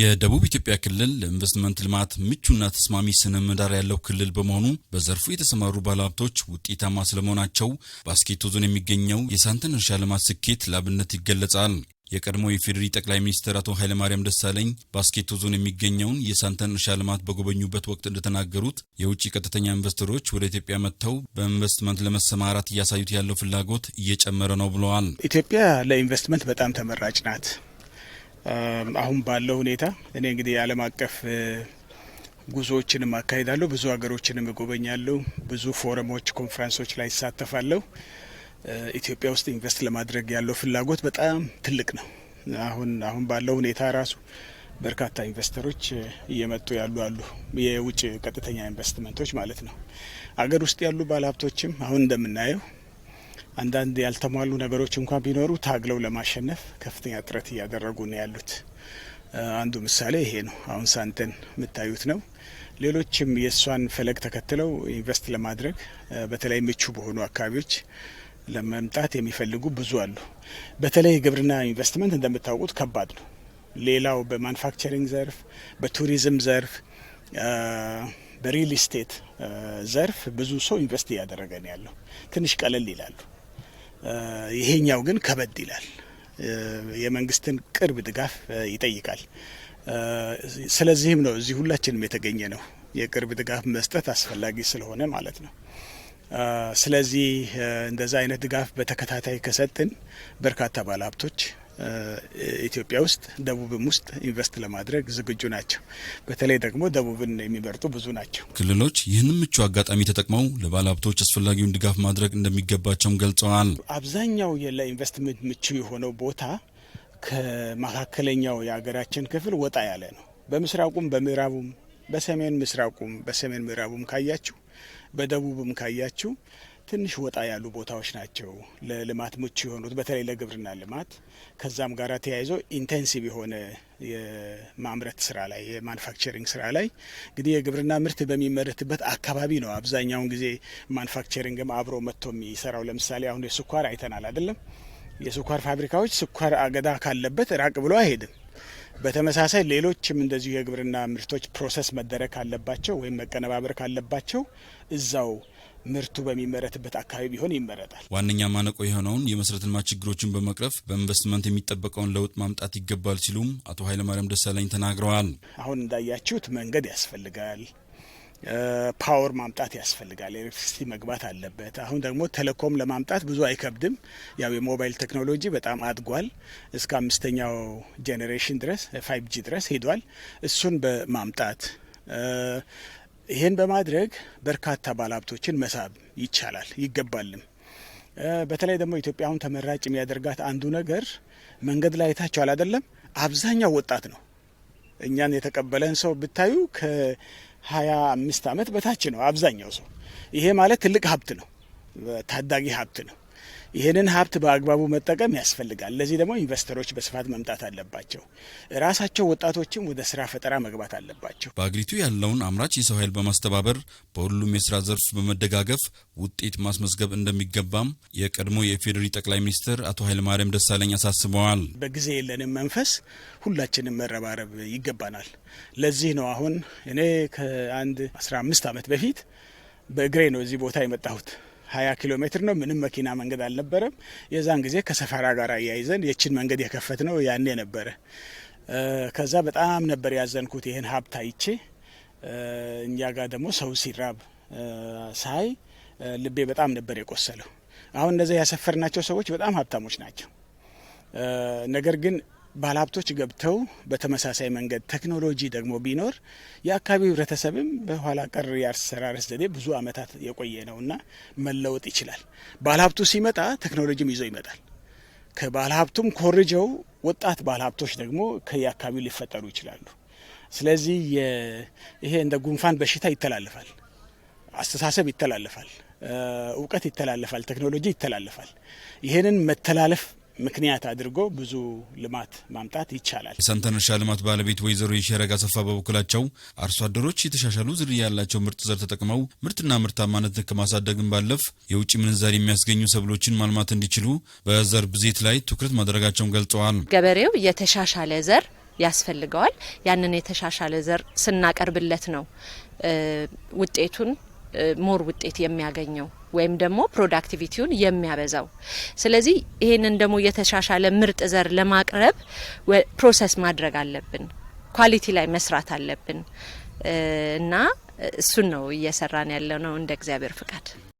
የደቡብ ኢትዮጵያ ክልል ለኢንቨስትመንት ልማት ምቹና ተስማሚ ስነ ምህዳር ያለው ክልል በመሆኑ በዘርፉ የተሰማሩ ባለሀብቶች ውጤታማ ስለመሆናቸው በአስኬቶ ዞን የሚገኘው የሳንተን እርሻ ልማት ስኬት ለአብነት ይገለጻል። የቀድሞ የፌዴሪ ጠቅላይ ሚኒስትር አቶ ኃይለማርያም ደሳለኝ በአስኬቶ ዞን የሚገኘውን የሳንተን እርሻ ልማት በጎበኙበት ወቅት እንደተናገሩት የውጭ ቀጥተኛ ኢንቨስተሮች ወደ ኢትዮጵያ መጥተው በኢንቨስትመንት ለመሰማራት እያሳዩት ያለው ፍላጎት እየጨመረ ነው ብለዋል። ኢትዮጵያ ለኢንቨስትመንት በጣም ተመራጭ ናት። አሁን ባለው ሁኔታ እኔ እንግዲህ የዓለም አቀፍ ጉዞዎችንም አካሄዳለሁ፣ ብዙ ሀገሮችንም እጎበኛለሁ፣ ብዙ ፎረሞች፣ ኮንፈረንሶች ላይ ይሳተፋለሁ። ኢትዮጵያ ውስጥ ኢንቨስት ለማድረግ ያለው ፍላጎት በጣም ትልቅ ነው። አሁን አሁን ባለው ሁኔታ ራሱ በርካታ ኢንቨስተሮች እየመጡ ያሉ አሉ፣ የውጭ ቀጥተኛ ኢንቨስትመንቶች ማለት ነው። አገር ውስጥ ያሉ ባለሀብቶችም አሁን እንደምናየው አንዳንድ ያልተሟሉ ነገሮች እንኳን ቢኖሩ ታግለው ለማሸነፍ ከፍተኛ ጥረት እያደረጉ ነው ያሉት። አንዱ ምሳሌ ይሄ ነው። አሁን ሳንተን የምታዩት ነው። ሌሎችም የእሷን ፈለግ ተከትለው ኢንቨስት ለማድረግ በተለይ ምቹ በሆኑ አካባቢዎች ለመምጣት የሚፈልጉ ብዙ አሉ። በተለይ የግብርና ኢንቨስትመንት እንደምታውቁት ከባድ ነው። ሌላው በማኑፋክቸሪንግ ዘርፍ፣ በቱሪዝም ዘርፍ፣ በሪል ስቴት ዘርፍ ብዙ ሰው ኢንቨስት እያደረገ ነው ያለው። ትንሽ ቀለል ይላሉ። ይሄኛው ግን ከበድ ይላል። የመንግስትን ቅርብ ድጋፍ ይጠይቃል። ስለዚህም ነው እዚህ ሁላችንም የተገኘ ነው። የቅርብ ድጋፍ መስጠት አስፈላጊ ስለሆነ ማለት ነው። ስለዚህ እንደዛ አይነት ድጋፍ በተከታታይ ከሰጥን በርካታ ባለሀብቶች ኢትዮጵያ ውስጥ ደቡብም ውስጥ ኢንቨስት ለማድረግ ዝግጁ ናቸው። በተለይ ደግሞ ደቡብን የሚመርጡ ብዙ ናቸው። ክልሎች ይህንን ምቹ አጋጣሚ ተጠቅመው ለባለ ሀብቶች አስፈላጊውን ድጋፍ ማድረግ እንደሚገባቸውም ገልጸዋል። አብዛኛው ለኢንቨስትመንት ምቹ የሆነው ቦታ ከመካከለኛው የሀገራችን ክፍል ወጣ ያለ ነው። በምስራቁም፣ በምዕራቡም፣ በሰሜን ምስራቁም፣ በሰሜን ምዕራቡም ካያችሁ፣ በደቡብም ካያችሁ ትንሽ ወጣ ያሉ ቦታዎች ናቸው ለልማት ምቹ የሆኑት በተለይ ለግብርና ልማት። ከዛም ጋር ተያይዞ ኢንቴንሲቭ የሆነ የማምረት ስራ ላይ የማኑፋክቸሪንግ ስራ ላይ እንግዲህ የግብርና ምርት በሚመረትበት አካባቢ ነው አብዛኛውን ጊዜ ማኑፋክቸሪንግም አብሮ መጥቶ የሚሰራው። ለምሳሌ አሁን የስኳር አይተናል አይደለም? የስኳር ፋብሪካዎች ስኳር አገዳ ካለበት ራቅ ብሎ አይሄድም። በተመሳሳይ ሌሎችም እንደዚሁ የግብርና ምርቶች ፕሮሰስ መደረግ ካለባቸው ወይም መቀነባበር ካለባቸው እዛው ምርቱ በሚመረትበት አካባቢ ቢሆን ይመረጣል። ዋነኛ ማነቆ የሆነውን የመሰረተ ልማት ችግሮችን በመቅረፍ በኢንቨስትመንት የሚጠበቀውን ለውጥ ማምጣት ይገባል ሲሉም አቶ ኃይለማርያም ደሳለኝ ተናግረዋል። አሁን እንዳያችሁት መንገድ ያስፈልጋል፣ ፓወር ማምጣት ያስፈልጋል፣ ኤሌክትሪሲቲ መግባት አለበት። አሁን ደግሞ ቴሌኮም ለማምጣት ብዙ አይከብድም። ያው የሞባይል ቴክኖሎጂ በጣም አድጓል። እስከ አምስተኛው ጄኔሬሽን ድረስ ፋይቭ ጂ ድረስ ሄዷል። እሱን በማምጣት ይሄን በማድረግ በርካታ ባለሀብቶችን መሳብ ይቻላል ይገባልም። በተለይ ደግሞ ኢትዮጵያ አሁን ተመራጭ የሚያደርጋት አንዱ ነገር መንገድ ላይ የታቸው አላደለም፣ አብዛኛው ወጣት ነው። እኛን የተቀበለን ሰው ብታዩ ሀያ አምስት ዓመት በታች ነው አብዛኛው ሰው። ይሄ ማለት ትልቅ ሀብት ነው፣ ታዳጊ ሀብት ነው። ይህንን ሀብት በአግባቡ መጠቀም ያስፈልጋል። ለዚህ ደግሞ ኢንቨስተሮች በስፋት መምጣት አለባቸው። ራሳቸው ወጣቶችም ወደ ስራ ፈጠራ መግባት አለባቸው። በአገሪቱ ያለውን አምራች የሰው ኃይል በማስተባበር በሁሉም የስራ ዘርፍ በመደጋገፍ ውጤት ማስመዝገብ እንደሚገባም የቀድሞ የኢፌዴሪ ጠቅላይ ሚኒስትር አቶ ኃይለማርያም ደሳለኝ አሳስበዋል። በጊዜ የለንም መንፈስ ሁላችንም መረባረብ ይገባናል። ለዚህ ነው አሁን እኔ ከአንድ 15 ዓመት በፊት በእግሬ ነው እዚህ ቦታ የመጣሁት። ሀያ ኪሎ ሜትር ነው። ምንም መኪና መንገድ አልነበረም። የዛን ጊዜ ከሰፈራ ጋር አያይዘን የችን መንገድ የከፈት ነው ያኔ ነበረ። ከዛ በጣም ነበር ያዘንኩት ይህን ሀብት አይቼ። እኛ ጋር ደግሞ ሰው ሲራብ ሳይ ልቤ በጣም ነበር የቆሰለው። አሁን እነዚህ ያሰፈርናቸው ሰዎች በጣም ሀብታሞች ናቸው። ነገር ግን ባለሀብቶች ገብተው በተመሳሳይ መንገድ ቴክኖሎጂ ደግሞ ቢኖር የአካባቢው ህብረተሰብም በኋላ ቀር የአሰራር ዘዴ ብዙ አመታት የቆየ ነውና መለወጥ ይችላል። ባለሀብቱ ሲመጣ ቴክኖሎጂም ይዞ ይመጣል። ከባለሀብቱም ኮርጀው ወጣት ባለሀብቶች ደግሞ ከየአካባቢው ሊፈጠሩ ይችላሉ። ስለዚህ ይሄ እንደ ጉንፋን በሽታ ይተላልፋል፣ አስተሳሰብ ይተላልፋል፣ እውቀት ይተላልፋል፣ ቴክኖሎጂ ይተላልፋል። ይህንን መተላለፍ ምክንያት አድርጎ ብዙ ልማት ማምጣት ይቻላል። የሳንታን እርሻ ልማት ባለቤት ወይዘሮ የሸረግ አሰፋ በበኩላቸው አርሶ አደሮች የተሻሻሉ ዝርያ ያላቸው ምርጥ ዘር ተጠቅመው ምርትና ምርታማነትን ከማሳደግን ባለፍ የውጭ ምንዛሪ የሚያስገኙ ሰብሎችን ማልማት እንዲችሉ በዘር ብዜት ላይ ትኩረት ማድረጋቸውን ገልጸዋል። ገበሬው የተሻሻለ ዘር ያስፈልገዋል። ያንን የተሻሻለ ዘር ስናቀርብለት ነው ውጤቱን ሞር ውጤት የሚያገኘው ወይም ደግሞ ፕሮዳክቲቪቲውን የሚያበዛው። ስለዚህ ይህንን ደግሞ የተሻሻለ ምርጥ ዘር ለማቅረብ ፕሮሰስ ማድረግ አለብን፣ ኳሊቲ ላይ መስራት አለብን እና እሱን ነው እየሰራን ያለ ነው እንደ እግዚአብሔር ፍቃድ።